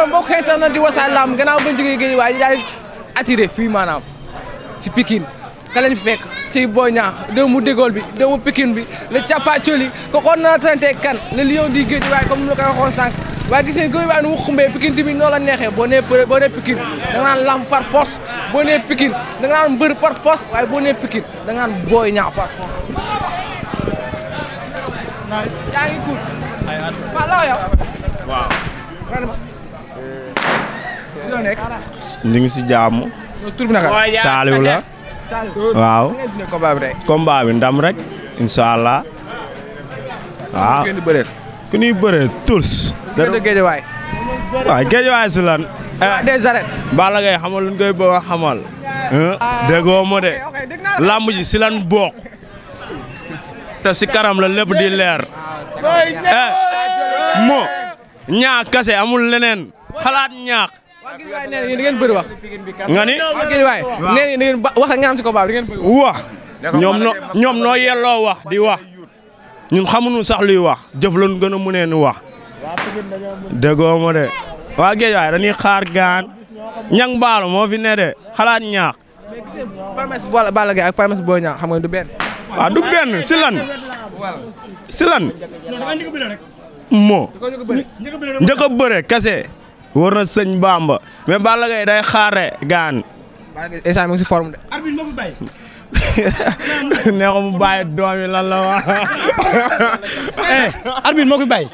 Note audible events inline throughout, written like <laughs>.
alors mbokk xeetal na di Wassare Lamb gannaaw ba jógee géej waaye ñu daal di attiré fii maanaam si Pikine ka lañ fekk ci Boy Niang doomu Dégol bi doomu Pikine bi le Thiapathioly ko xoon na tante kan le lion di géej waaye comme lu ko waxoon waaye gis ngeen waaye nu mu xumbee Pikine tamit noonu la neexee boo nee boo nee Pikine da nga naan lamb par force boo nee Pikine da nga naan mbër par force waaye boo nee Pikine da nga naan Boy Niang par force. la ñu ngi si jaamu. tur bi naka Saliou la. waaw. combat bi ndam rek. incha allah. waaw ku ñuy bëree tous. dara géejewaay. si lan. des eh. arènes. Balla Gaye xamal lu ñu koy bëgg ah, ji si lan bokk. te si karam la lépp di leer. Eh, mo ñaa kase amul leneen xalaat ñaax. waaye nee na yéen da ngeen bëri wax. nga ni waaye nee na yéen wax nga am ci combat bi da ngeen bëri ñoom noo ñoom noo yelloo wax di wax ñun xamuñu sax luy wax jëf lañu gën a mënee nu wax. déggoo ma de. waa géej waaye dañuy xaar gaan ñang baalu moo fi ne de xalaat ñaax. mais gis ngeen promesse Balla Balla xam nga du benn. waaw du benn si lan. si lan. moo. a war na sëñ Bamba mais Balla Gaye day xaare gaan. Balla Gaye instant si forme de. arbitre <laughs> <laughs> eh, moo fi bàyyi. nee ko mu bàyyi doom la wax. arbitre moo ko fi bàyyi.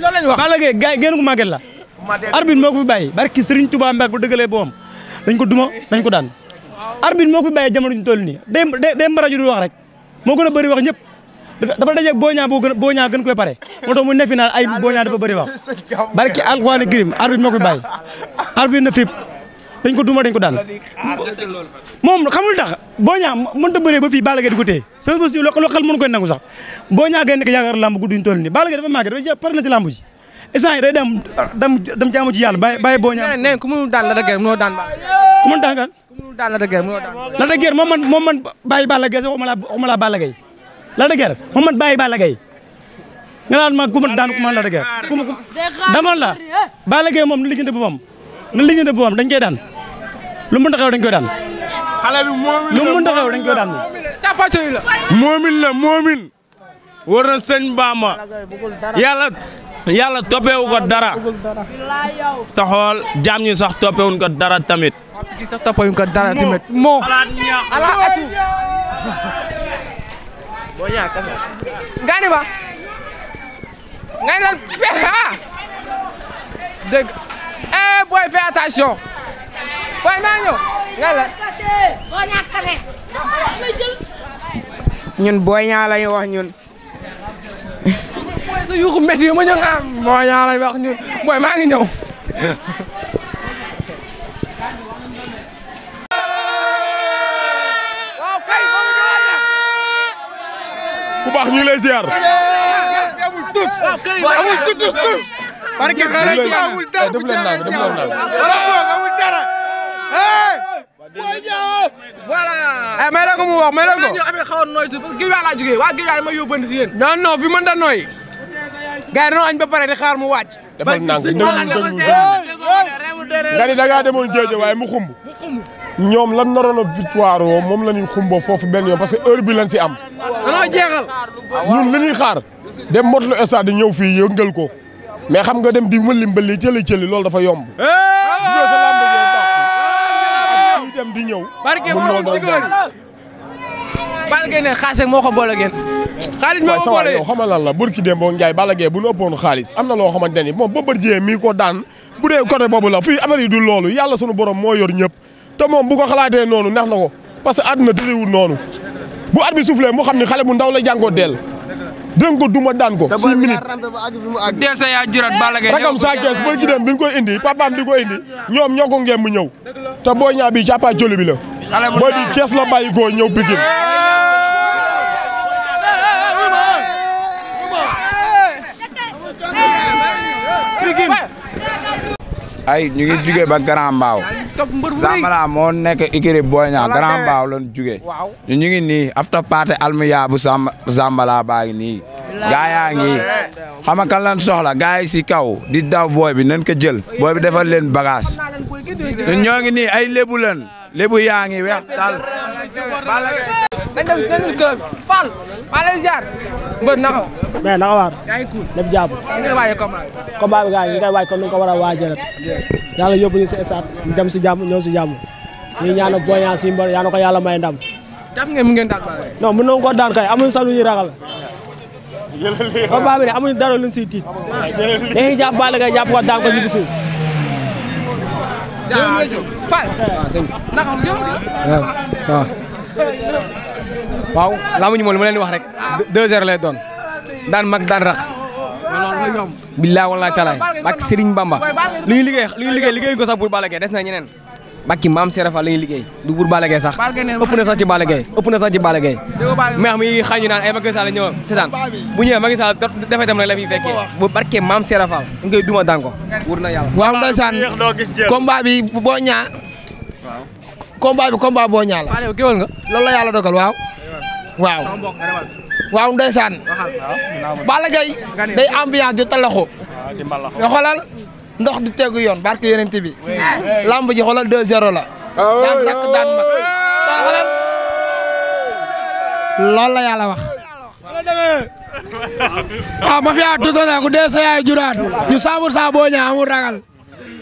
la ñu wax Balla Gaye gars yi génn ko màgget la. arbitre moo ko fi bàyyi barki Serigne Touba Mbacke bu dëggalee boom dañ ko duma dañ ko daan. arbitre moo ko fi bàyyi jamono ñu toll nii day day day mbaraju du wax rek moo gën a bëri wax ñëpp. dafa dajeeg Boy Niang boo gën Boy Niang gën koy pare <laughs> moo tax mu ne final ay Boy Niang dafa bëri wax barki alxuraan kirim arbitre moo koy bàyyi arbitre na fipp dañ ko duma dañ ko daan moom xamul tax Boy Niang mënut a bëree ba fii Balla Gaye di ko téye soo ko si loo xel mën koy nangu sax Boy Niang gën nekk yaakaar lamb gudduñ toll nii Balla Gaye dafa màgg dafa pare na si lamb ji instant yi day dem dem dem jaamu ci yàlla bàyyi bàyyi Boy Niang nee ku mënul daan la dëgg mënoo daan ku mënul daan kan ku mënul daan la dëgg mënoo daan la dëgg moom man moom man bàyyi Balla Gaye sax waxuma laa waxuma laa Balla Gaye Lac de Guiers ma man bàyyi Balla Gaye nga naan ma ku ma daan ku ma Lac dama la Balla Gaye moom na lijjanti boppam na lijjanti boppam dañ koy daan lu mu mën a xew dañ koy daan moomin dañ koy daan cappacoy la moomin la moomin war na sëñ Bamba yàlla yàlla toppewu ko dara taxool jaam ñi sax toppewuñ ko dara tamit sax toppewuñ moo ala atu gaani ba nga ne lan ah dégg eh booy fais attention booy maa ñëw nga ne booy ñaa lañu wax ñun. booy <laughs> sa yuuxu métti ma nga booy ñaa lañu wax booy maa ngi ñëw. <laughs> baax ñu ngi lay ziar. amul tus amul tus tus tus. parce que xale yi amul dara bu dara amul dara. voilà. ah may la ko mu wax may la ko. ñu amee xawoon nooy tuuti parce que Guèye laa jógee waa Guèye ma yóbbandi si yéen. non non fi mën da nooy. gars yi dañoo añ ba pare di xaar mu wàcc. defal ndànk nga ni da ngaa demoon géej waaye mu xumb. ñoom lan naroon a victoire woo moom la ñuy xumboo foofu benn yoon parce que heure bi lañ si am. danoo jeexal. ñun li xaar dem motlu stade di ñëw fii yëngal ko mais xam nga dem di mëlim ba lii cëli cëli loolu dafa yomb. di dem di ñëw. barke borom si kër. Balla Gaye xaase moo ko boole xaalis moo ko boole yow xamal lan la burki dem boo Ndiaye Balla Gaye bu ñu ëppoon xaalis am na loo xamante ni moom Bombardier mii ko daan bu dee côté boobu la fii affaire du loolu yàlla sunu borom moo yor ñëpp te moom bu ko xalaatee noonu neex na ko parce que àdduna tëriwul noonu bu at bi soufflé mu xam ne xale bu ndaw la jàngoo deel dégg ko duma daan ko six minutes dese yaa jirat Balla Gaye rakam saa kees bër ki dem koy indi papaam di ko indi ñoom ñoo ngeen mu ñëw te boo ñaa bi càppa la ay ñu ngi jugee ba Grand Mbao Sambala moo nekk ikiri Boy Niang Grand Mbao lan jugee ñu ñu ngi nii after party almiya bu Sam baa ngi nii gaa yaa ngi xam nga kan soxla gaa yi si kaw di daw booy bi nañ ko jël booy bi defal leen bagaas ñun ñoo ngi nii ay lébu lan lébu yaa ngi weex tal mbër naka waa. mais naka waar. yaa ngi cool lépp jàpp. ñu bi. combat bi gars yi ngi koy waaj ko war a waajee rek. yàlla yóbbu ñu si stade ñu dem si jàmm ñëw si jàmm. ñu ñaanal boña si mbër yaa ko yàlla may ndam. jàpp ngeen mu ngeen na ko daan kay amuñu sax lu ñuy ragal. combat bi ne amuñu dara luñ siy tiit. dañuy jàpp baale kay jàpp ko daan ko ñibbi si. jaa jaa Fall. waaw ah, sëñ bi. naka waaw laamu ñu moom li ma leen wax rek deux heures lay doon daan mag daan raq. billaa walaay talaay ak Serigne Bamba li ñu liggéey li ñu liggéey ko sax pour Balla Gaye des na ñeneen. bakki maam Serapha la ñuy liggéey du pour bala Gaye sax ëpp na sax ci Balla Gaye ëpp na sax ci Balla Gaye meex mi xañ naan ay Macky ñëw seetaan bu ñëwee Macky Sall defee tam rek la fi fekkee bu barkee maam Serapha dañ koy duma daan ko wur na yàlla waaw ndeysaan combat bi boo ñaa combat bi combat boo waaw waaw ndeysaan Balla Gaye day ambiance di talaxu yo xoolal ndox di tegu yoon barke yenente bi lamb ji xoolal 2 la daan rakk la yàlla wax waaw ah, ma fiya tuto na ku dee sa yaay ñu saamur saa ñaa amul ragal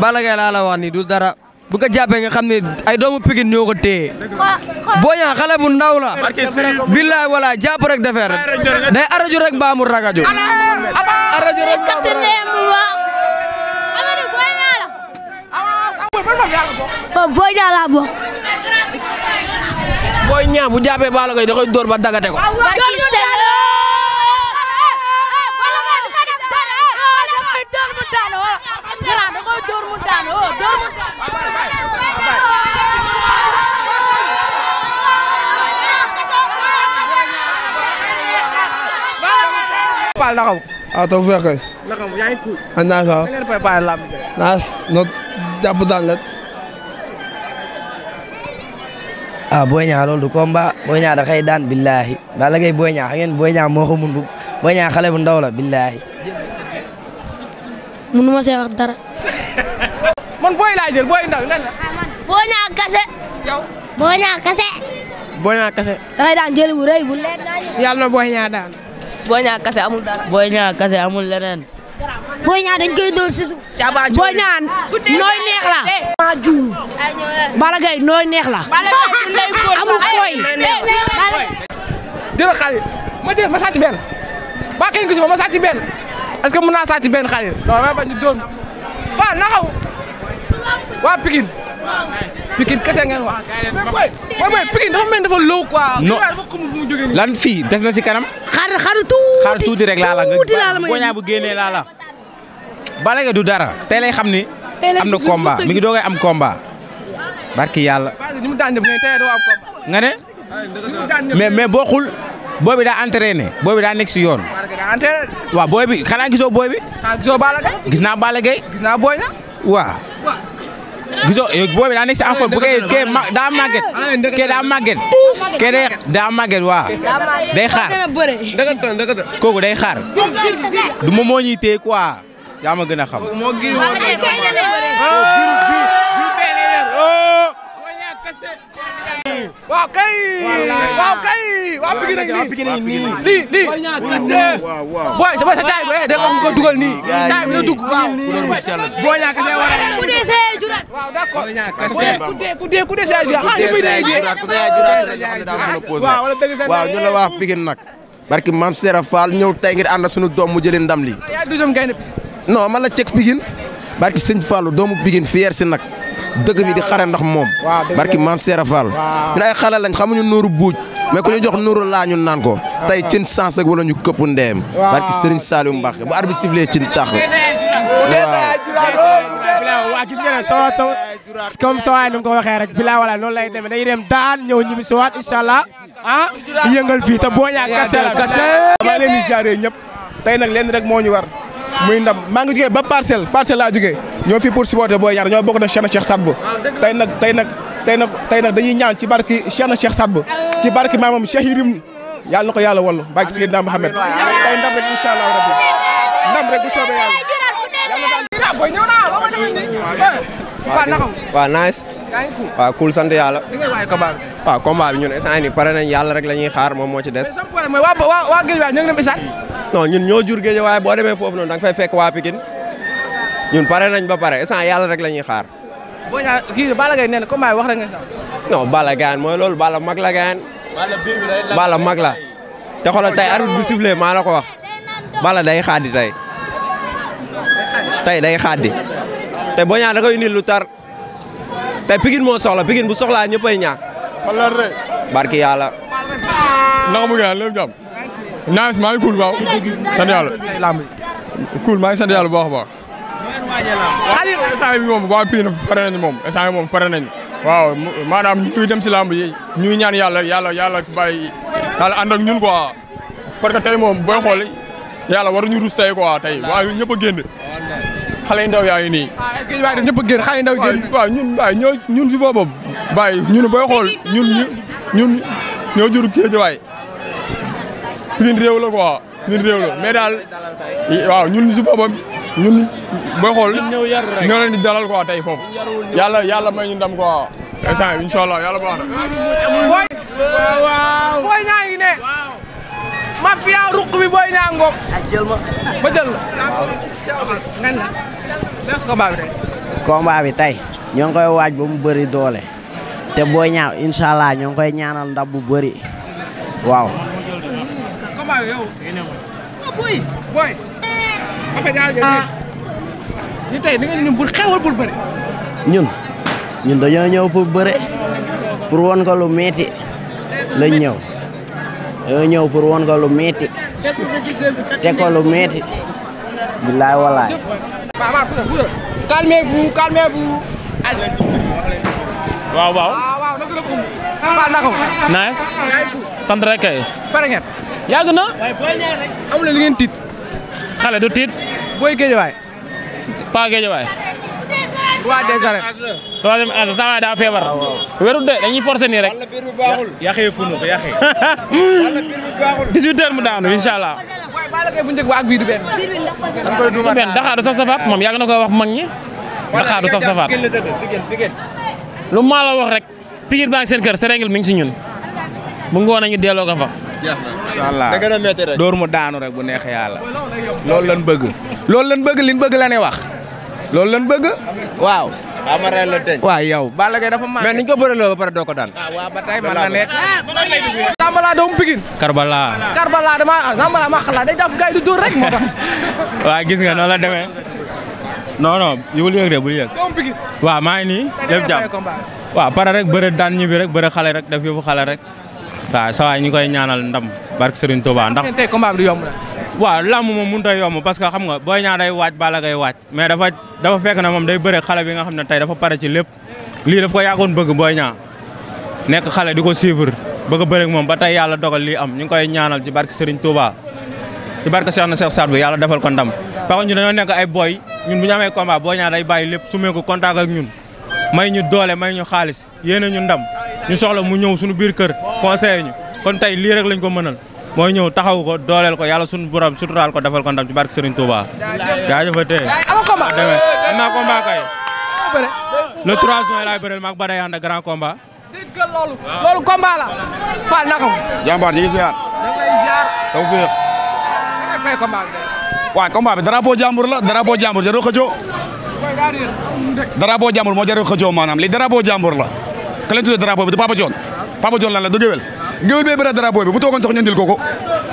Balla Gaye laa la wax ni du dara bu ko jàppee nga xam ne ay doomu Pikine ñoo ko téye Boy Niang xale bu ndaw la billaay wala jàpp rek defeer day araju rek baa mu ragaju araju rek baa mu ragaju waaw Boy laa bokk. Boy bu jàppee Balla Gaye da koy dóor ba dagate ko. Paal na xam. waaw ah, taw feex kay. na xam ah, ah, loolu du combat Boy daan billahi Balla Gaye Boy Niang billahi. mënu ma see wax kase. yow daan jël bu rëy bu leer. yàlla daan. Boy Niang kase amul dara. Boy Niang kase amul leneen. Boy Niang dañ koy dóor si suuf. Caba nooy neex la. maa juum. Balla Gaye nooy neex la. <laughs> koy. jërëjëf xale ma jël ma sàcc benn ba kenn gis ma ma sàcc benn est-ce que mën naa sàcc benn xale non ma bañ ñu dóor fa na waa Pikine. Pikine kese ngeen wax. waaw waaw Pikine dafa dafa low quoi. non lan fii des na si kanam. xaar xaar tuuti xaar tuuti rek laa la nga goñaa bu laa la. bala nga du dara tey lay xam ni. am na combat mi ngi doog am combat. barki yàlla. ni mu daan def ne tey doo nga ne. mais mais bokkul. booy bi daa entraîné booy bi daa nekk si yoon. waaw xanaa gisoo booy bi. gisoo Balla Gaye. gis naa Balla gis naa booy na gisoo boobu daa nekk si en forme bu kee kee daa màgget kee daa màgget kee day daa màgget waaw day xaar kooku day xaar du ma moo ñuy téye yaa ma gën a xam. nii. waaw kay. waaw kay. waaw Pikine nañ waaw waaw booy sa sa caay booy da nga ko dugal nii. caay bi la dugg a. ku desee jurat. waaw d'accord dee ku desee jurat. waaw ñu la wax Pikine nag. barki maam Serap Fall ñëw tey ngir ànd suñu doom mu jëlee ndam lii. non man la cek Pikine. barki sëñ Fallou doomu Pikine fier si nag dëkk fi di xare ndox moom barki maam Seera Fall ñun ay xale lañ xamuñu nuuru buuj mais ku ñu jox nuuru laa ñun naan ko ah. tey cin sans ak ñu këpp ndeem barki Serigne Saliou Mbacké bu arbitre sifflé cin tax waaw waaw gis nga ne sama sama comme sama waay ni mu ko waxee rek bilaa wala loolu lay demee dañuy dem daan ñëw ñibbi si waat incha allah ah yëngal fii te boo ñaa kase la. dama leen di jaaree ñëpp tey nag leen rek moo ñu war. muy ndam maa ngi jógee ba parcelle parcelle laa jógee ñoo fi pour supporter Boy Niang ñoo bokk nag Cheikh na Cheikh Sadbou ah, tey nag tey nag tey nag tey nag dañuy ñaan ci barki Cheikh na Cheikh Sadbou ci barki maamam Cheikh Yirim yàlla na ko yàlla wallu bàyyi si Seydina Mohamed tey ndam rek incha allah rabbi ndam rek bu soobee yàlla. waaw nice waaw cool sant yàlla waaw combat bi ñun instant ni pare nañ yàlla rek la ñuy xaar moom moo ci des non ñun ñoo jur géej waaye boo demee foofu noonu da nga fay fekk waa Pikine ñun pare nañ ba pare instant yàlla rek la ñuy xaar. boo ñaa kii Balla Gaye nee na combat wax rek nga non Balla mooy loolu bala mag la Gaye. Balla mag la te xoolal tey arbitre bu sifflé maa la ko wax Balla day xaadi tey tey day xaadi te boo ñaa da koy indil lu tar tey moo soxla Pikine bu soxlaa ñëppay ñaax. barki yàlla. ndax mu ngi lépp jàmm naaj maa ngi cool waaw sant yàlla. cool maa ngi sant yàlla bu baax i baax. instant bi moom waa Pine pare moom instant moom pare nañ waaw maanaam ñuy dem si làmb yi ñuy ñaan yàlla yàlla yàlla bàyyi yàlla ànd ak ñun quoi parce que tey moom booy xool yàlla waruñu rus tey quoi tey waaw ñëpp a génn. xale yu ndaw yaa ngi nii. Ah, waaw ñëpp a génn xale yu ndaw génn. waaw ñun waaye ñoo ñun si boobam. waaye ñun booy xool ñun ñun ñoo jur géej waay Pikine réew la quoi Pikine réew bi tey. ñoo ngi koy waaj ba mu bëri doole. te booy ñaaw incha allah ñoo ngi koy ñaanal ndam bu bëri waaw. Bapak ñun ñun dañoo ñëw pour bëre pour won ko lu metti lañ ñëw dañoo ñëw pour won ko lu metti teg ko lu metti bilaay walaay. calmez-vous calmez-vous. waaw waaw. Ah, waaw waaw naka kay. yàgg na. waaye booy ñaar rek. amu leen li ngeen xale du tiit. booy géejawaay. paa géejawaay. waa des arènes. troisième âge saa daa feebar. Ah, wérut de dañuy forcer nii rek. yaxee <laughs> mu daanu incha allah. bu njëkk ba ak bii saf safaat moom yàgg na ko wax mag ñi. daxaar du saf safaat. lu maa wax rek. pikir baa ngi seen kër serengil mi ngi si ñun. bu ngoon nañu delloo fa. jeex na incha door mu daanu rek bu neexee yàlla. lool lan bëgg. lool lan bëgg liñ bëgg la wax. loolu lan bëgg. waaw. amareel la tey. yow dafa maa. mais niñ ko bëreloo ba pare doo ko daan. ah waaw ba tey mën ah, na nekk. Zambala ma ah, xalaat day jàpp gars du dóor rek moo tax. <laughs> waaw gis nga noonu la demee. non yu bul yëg de bul yëg. doomu Pikine. waaw maa ngi nii. def jàpp rek bëre daan ñibbi rek bëre xale rek. waaw saa ñu ñu koy ñaanal ndam barke Serigne Touba ndax. tey combat bi du yomb waaw làmb moom mënut a parce que xam nga Boy Niang day waaj Balla Gaye waaj mais dafa dafa fekk na moom day bëre xale bi nga xam ne tey dafa pare ci lépp lii daf ko yàggoon bëgg Boy Niang nekk xale di ko suivre bëgg a bëre moom ba tey yàlla dogal lii am ñu ngi koy ñaanal ci barke Serigne Touba ci barke Cheikh na Cheikh Saad bu yàlla defal ko ndam parce que ñu dañoo nekk ay boy ñun bu ñu amee combat Boy day bàyyi lépp su meeku contact ak may ñu doole ma ñu xaalis yéen ñu ndam ñu soxla mu ñëw suñu biir kër conseillé ñu kon tey lii rek lañ ko mënal mooy ñëw taxaw ko dooleel ko yàlla suñu borom suturaal ko defal ko ndam ci barke Serigne Touba. jaajëf fa tey am naa kay le 3 juin laay bëreel maag Bada Yanda grand combat. loolu. loolu la. Fall naka ko. jàmbaar ñu ngi ziar. taw féex. waaw bi drapeau jàmbur la drapeau jàmbur jarul xëccoo drapeau jàmbur moo jarul xëccoo maanaam li drapeau jàmbur la ka lañ tuddee drapeau bi di Papa John Papa la du géwél géwél bee bëre drapeau bi bu toogoon sax ñu ndil ko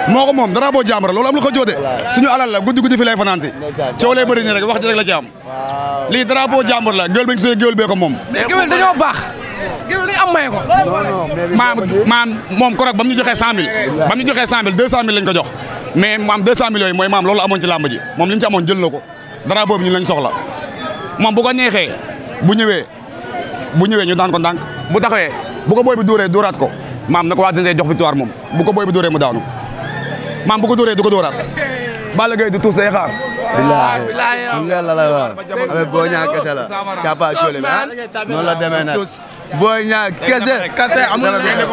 moo ko moom drapeau jàmbur loolu am lu xëccoo de suñu alal la guddi guddi fi lay fanaan si coow lay bëri ni rek wax ji rek la ci am lii drapeau la géwél bi ñu tuddee géwél bee ko moom mais géwél dañoo baax géwél dañu am maye ko ba mu ñu joxee cent mille ba mu ñu joxee cent mille deux jox mais maam deux cent yooyu mooy maam loolu amoon ci làmb ji moom li ci amoon jël na ko drapeau bi ñu lañ soxla moom bu ko neexee bu ñëwee bu ñëwee ñu daan ko ndànk bu taxawee bu ko booy bi dóoree dóoraat ko maam na ko waa Génégal jox victoire moom bu ko booy bi dóoree mu daanu maam bu ko dóoree du ko dóoraat Balla Gaye du tuus day xaar. bilaay bilaay yow. boo ñaaw kese la. caapa coole man noonu la demee nag. Boy Niang kese. kese amul leneen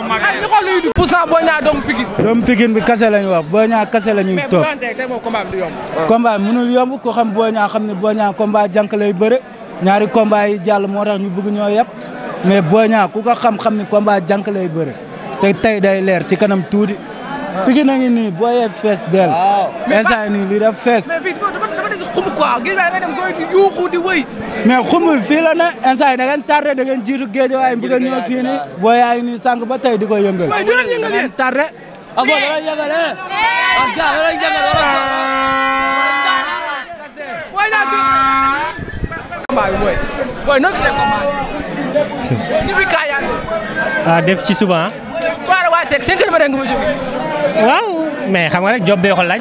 pour cent Boy Niang doomu Pikine. doomu Pikine bi kese la ñu wax Boy Niang kese la ñuy toog. mais bu moom combat bi du yomb. Ah. combat bi mënul yomb ko xam Boy Niang xam ne Boy Niang combat jànk lay bëre ñaari yi jàll moo ñu bëgg ñoo yab mais Boy Niang ko xam-xam ni combat jànk lay bëre tey day leer ci kanam tuuti. Pikine a ngi nii booyee fees del. waaw mais instant fees. mais fii dafa des xum quoi géej waaye nga dem booy yuuxu di wëy. mais xumul fii la ne instant yii da ngeen tardé da ngeen jiitu géej waaye bëgg a ñëw fii nii. booy yaa ngi sànq ba tey di ko yëngal. waaye dinañ yëngal yéen tardé. ah bon danañ yëngal eh. ah gars danañ yëngal wala. ah def ci suba ah. waaw mais xam nga rek job bee ko laaj.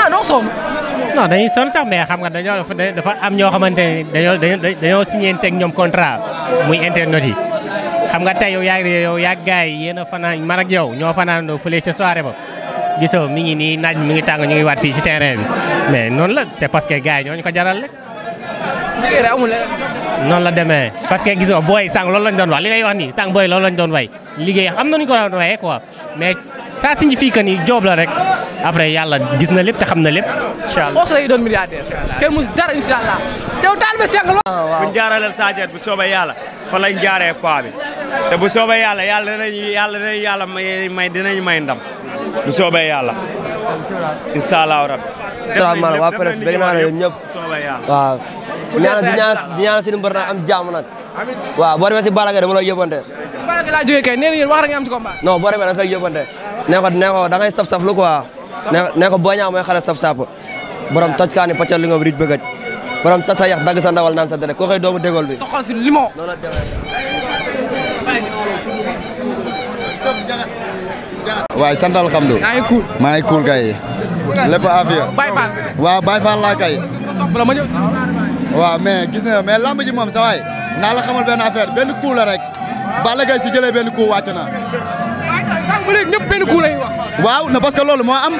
ah doo dañuy sonn sax mais xam nga dañoo dafa am ñoo xamante ne dañoo dañoo signé teg ñoom contrat muy internet yi. xam nga tey yow yaa ngi yow yaa gaay yéen a fanaan man ak yow ñoo fanaanoo fële ca soirée ba gisoo mi ngi nii naaj mi ngi tàng ñu ngi waat fii si terrain bi mais noonu la c'est parce que gars ko jaral rek. noonu la demee parce que gisoo booy sànq loolu lañ doon wax li ngay wax nii sànq booy loolu lañ doon way liggéey am nañu ko doon waye quoi fii ça joob la rek après yàlla gis na lépp te xam na lépp incha allah force lay doon milliardaire kenn mu dara incha allah tew taal ba sànq lool buñ jaaraleel Sadio bu soobee yàlla fa lañ jaaree paa bi te bu sooba yàlla yàlla dinañ yàlla dinañ yàlla may dinañ may ndam bu soobee yàlla incha allah rabbi salaamaaleykum waa presse bëgg naa la yéen ñëpp ñaan suñu mbër nag am jàmm nag waaw boo demee si Balaga dama la yóbbante si Balaga laa jógee kay nee na yéen wax nga am si combat non ne ko ne ko da ngay saf-saf lu quoi ne ko boo ñaa mooy xale saf-sap borom toj kaani paccal li nga rij bëggaj borom tasa dagg sa ndawal naan sa dere ko xëy doomu dégol bi toxal si limon waay sant alhamdu maa ngi cool waaw mais gis na mais lamb ji moom sa waay naa la xamal benn affaire benn coup la rek Balla Gaye su jëlee benn coup wàcc na. sànq waaw na parce que loolu moo am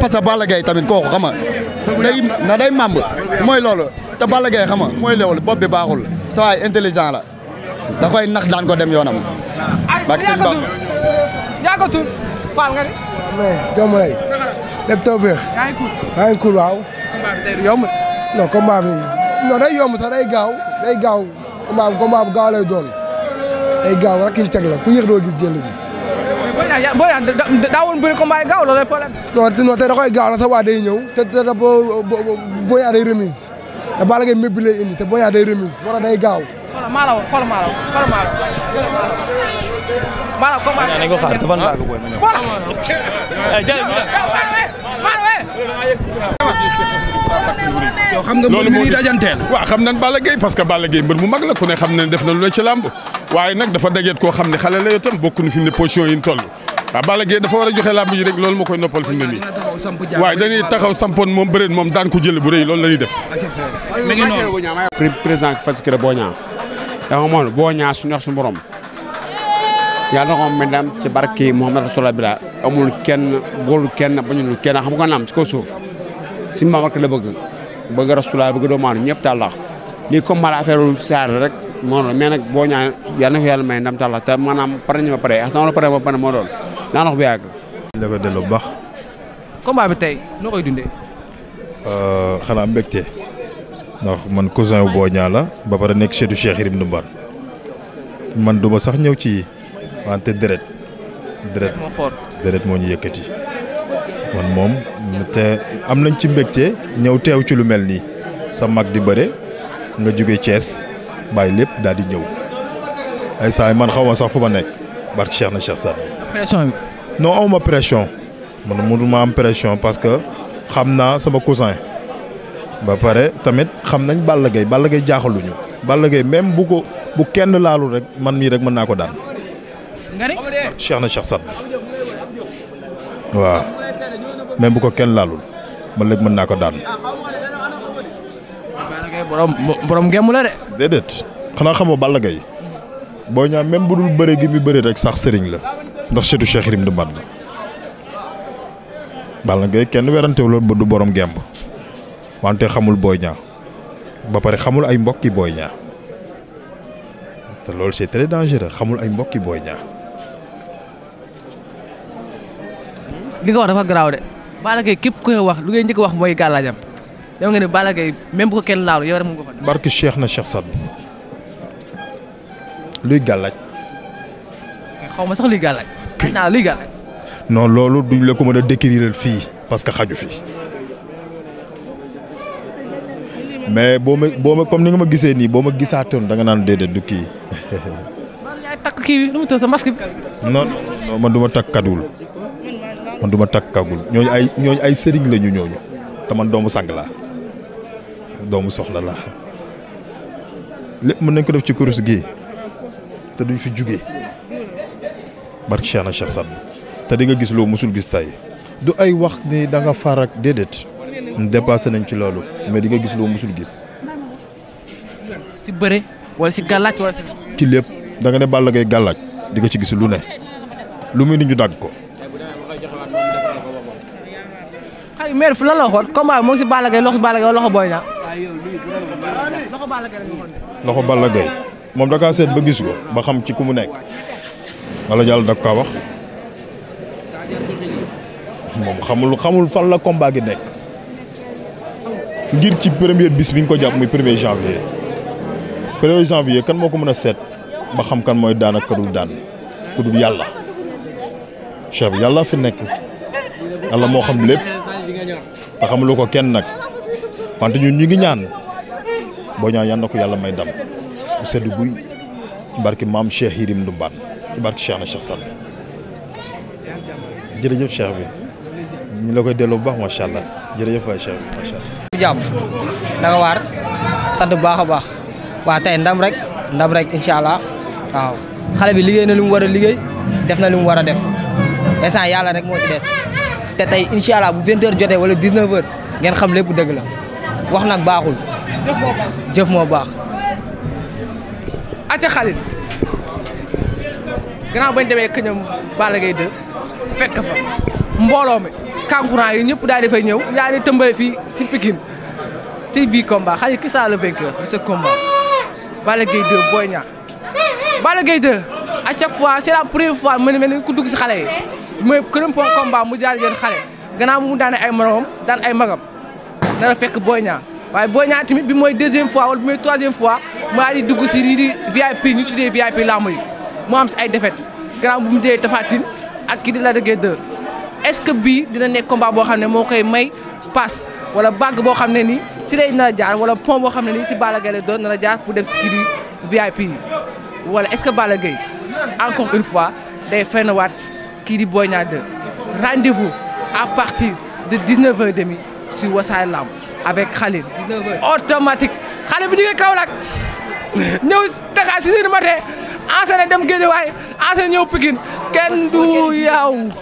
parce que Balla Gaye tamit kooku xam nga na day mamb mooy loolu te Balla Gaye xam nga mooy loolu bopp bi baaxul sa waay intelligent la da koy nax daan ko dem yoonam. bak sëñ yaa ko tur faal nga ni. mais jom lay. yaa ngi cool waaw. combat bi tey du yomb. non day yomb sax day gaaw day gaaw combat bu combat bu gaaw lay doon day gaaw rek kiñ teg la ku yéex doo gis jël bi. booy naa booy naa daa woon bëri combat yi gaaw loolu problème. non non tey da koy gaaw la sax waa day ñëw te te te boo boo yaa day remise te Balla Gaye mébbi lay indi te boo yaa day remise war a day gaaw. xoolal maa la woon xoolal maa la woon xoolal maa la woon. maa la combat bi ko xaar te fan laa ko booy ma ñëw. yow xam nga mbir mi dajanteel waaw xam nañ Balla parce que Balla Gaye mbër mu mag la ku ne xam ne def na lu ne ci làmb waaye nag dafa dajeet koo xam ne xale la yow fi ne position yi toll waaw Balla Gaye dafa war a joxe làmb ji rek loolu ma koy noppal fi mu ne waaye dañuy taxaw sampoon moom bëreet moom daan ko jël bu rëy loolu la def président fasikira boo ñaa dama moon boo ñaa suñu wax suñu borom yàlla ko ma dam ci barke Muhammad amul kenn boolu kenn bañul kenn xam ko naam ci kaw suuf si Mamadou la bëgg bëgg Rasulullah bëgg doomu aadama ñëpp tàllax lii comme mala affaire saar rek moo doon mais nag boo ñaan yal na ko yàlla may ndam tàllax te maanaam pare ñu ma pare ah, sama la pare ba pare moo doon naan wax bu yàgg. la baax. combat tey noo koy dundee. Euh, xanaa mbégte ndax man cousin wu Boña la ba pare nekk seetu Cheikh Irim Ndoumbar man duma sax ñëw ci wante deret deret moo fort deret moo ñu yëkkati. man moom te am nañ ci mbégte ñëw teew ci lu mel nii sa mag di bëre nga jóge Thiès bàyyi lépp daal di ñëw ay saay man xaw ma sax fu ma nekk barke Cheikh na Cheikh Sarr. pression bi. non aw ma pression man am pression parce que xam naa sama cousin ba pare tamit xam nañ Balla Gaye Balla Gaye jaaxaluñu Balla Gaye même bu ko bu kenn laalul rek man mii rek mën naa ko daan. nga na Cheikh même bu ko kenn laalul man léegi mën naa ko daan. Balla Gaye borom borom la de. déedéet xanaa xamoo Balla Gaye boo ñaa même bu dul bëree gi mu bëree rek sax sëriñ la ndax seetu Cheikh du Ndaw la. Balla Gaye kenn werantewul ba du borom gemb wante xamul booy ñaa ba pare xamul ay mbokki booy ñaa te loolu c'est très dangereux xamul ay mbokki booy ñaa li nga Balla Gaye képp koy wax lu ngay njëkk wax mooy gàllaajam yow nga ne Balla même bu ko kenn laalu yow rek mu ko fa. barke Cheikh na Cheikh Saad luy gàllaaj. xaw ma sax luy gàllaaj. xëy loolu duñ la ko mën a décrire fii parce que xaju fii mais boo ma boo ma comme ni nga ma gisee nii boo ma gisaatoon da nga naan déedéet du kii. man <laughs> yaay mu tudd sa masque bi. non man du takk kadduwul. man du ma takk kàggul ñooñu ay ñooñu ay sëriñ la ñu ñooñu te man doomu sang laa doomu soxla la lépp mën nañ ko def ci kurus gi te duñ fi jóge barke Cheikh na Cheikh te di nga gis loo musul gis tey du ay wax ni danga nga far ak déedéet dépassé nañ ci loolu mais di nga gis loo musul gis. si bëre wala si gàllaaj wala ci lépp danga nga ne Balla Gaye gàllaaj di nga ci gis lu ne lu muy ni ñu dagg ko. maire fu lan la waxoon combat si Balla Gaye loxo Balla Gaye wala loxo Boy Niang. moom da kaa seet ba gis ko ba xam ci ku mu nekk. walla jàll da kaa wax moom xamul xamul fan la combat gi nekk ngir ci premier bis bi ñu ko jàpp muy premier janvier. premier janvier kan moo ko mën a seet ba xam kan mooy daan ak kadul daan ku dul yàlla chef yàlla fi nekk yàlla moo xam lépp. te xamuloo ko kenn nag wante ñun ñu ngi ñaan boo ñaan yal na yàlla may dam bu sedd guy ci barki maam Cheikh Yirim Ndumbaan barki Cheikh na Cheikh Sadbou jërëjëf Cheikh bi ñu la delloo bu baax macha allah jërëjëf waay Cheikh bi macha allah. jàmm danga waar sant bu baax waa tey ndam rek ndam rek incha allah waaw xale bi liggéey na lu mu war a liggéey def na lu mu war a def instant yàlla rek moo ci des. te tey incha allah bu 20h jotee wala 19h ngeen xam lépp dëgg la wax nag baaxul. jëf moo baax jëf moo baax. acca bañ demee këñam bala Gaye 2 fekk fa mbooloo mi kankurang yi ñëpp daal di ñëw ñaari di tëmbale fii si Pikine ci bii combat Khalil qui sera le vainqueur de ce combat Balla Gaye 2 Boy Niang Balla Gaye 2 à fois c'est la première fois mën mel ni ku dugg si xale yi. mooy këram point combat mu jaar yéen xale gannaaw mu daane ay moromam daan ay magam dana fekk Boy Niang waaye Boy Niang tamit bi mooy deuxième fois wala bi mooy troisième fois mu daal di dugg si lii di VIP ñu tuddee VIP làmb yi mu am ay defet gannaaw bu mu dee Tapha Tine ak kii di Lac de Guiers 2 est-ce que bii dina nekk combat boo xam ne moo koy may pas wala bag boo xam ne nii si lay nar a jaar wala pont boo xam ne nii si Balla Gaye la doon nar a jaar pour dem si kii di VIP wala est-ce que Balla Gaye encore fois day fenn waat kii di Boy Niang 2 à partir de 19h30 sur Wassare Lamb avec Khalil 19h automatique xale bi jógee Kaolack ñëw Dakar 6h du matin enchaîné dem Guédiawaye enchaîné ñëw Pikine kenn du yow